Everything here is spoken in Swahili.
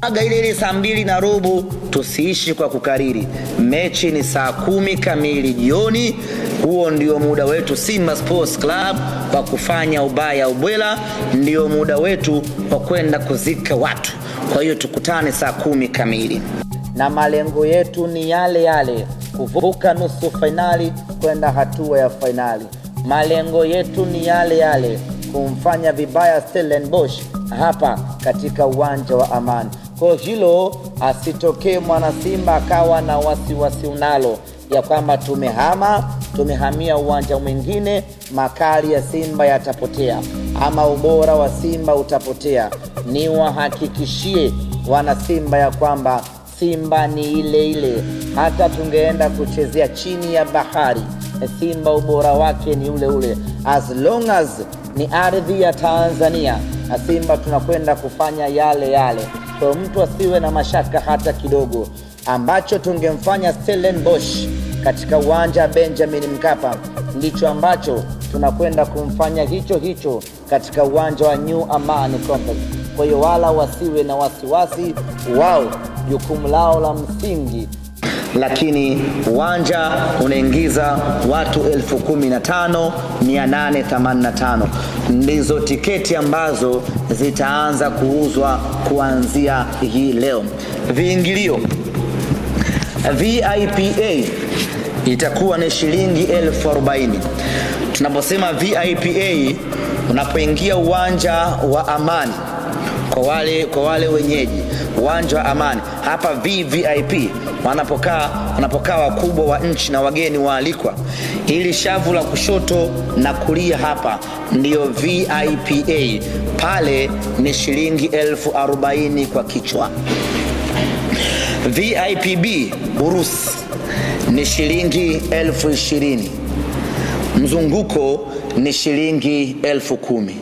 aga ile ile saa mbili na robo. Tusiishi kwa kukariri, mechi ni saa kumi kamili jioni. Huo ndio muda wetu Simba Sports Club kwa kufanya ubaya ubwela, ndio muda wetu wa kwenda kuzika watu. Kwa hiyo tukutane saa kumi kamili, na malengo yetu ni yale yale, kuvuka nusu fainali kwenda hatua ya fainali. Malengo yetu ni yale yale, kumfanya vibaya Stellenbosch hapa katika uwanja wa Amani. Kwa hilo asitokee mwana Simba akawa na wasiwasi unalo ya kwamba tumehama, tumehamia uwanja mwingine, makali ya Simba yatapotea ama ubora wa Simba utapotea. Ni wahakikishie wana Simba ya kwamba Simba ni ile ile, hata tungeenda kuchezea chini ya bahari, Simba ubora wake ni ule ule, as long as ni ardhi ya Tanzania, na Simba tunakwenda kufanya yale yale kwa mtu asiwe na mashaka hata kidogo, ambacho tungemfanya Stellenbosch katika uwanja wa Benjamin Mkapa ndicho ambacho tunakwenda kumfanya hicho hicho katika uwanja wa New Amani Complex. Kwa hiyo wala wasiwe na wasiwasi wao, jukumu lao la msingi lakini uwanja unaingiza watu 15885 ndizo tiketi ambazo zitaanza kuuzwa kuanzia hii leo. Viingilio VIPA itakuwa ni shilingi 40 Tunaposema VIPA, unapoingia uwanja wa Amani kwa wale, kwa wale wenyeji uwanja wa Amani. Hapa VVIP wanapokaa wanapokaa wakubwa wa nchi na wageni waalikwa. ili shavu la kushoto na kulia hapa ndiyo VIPA, pale ni shilingi elfu arobaini kwa kichwa. VIPB burusi ni shilingi elfu ishirini mzunguko ni shilingi elfu kumi.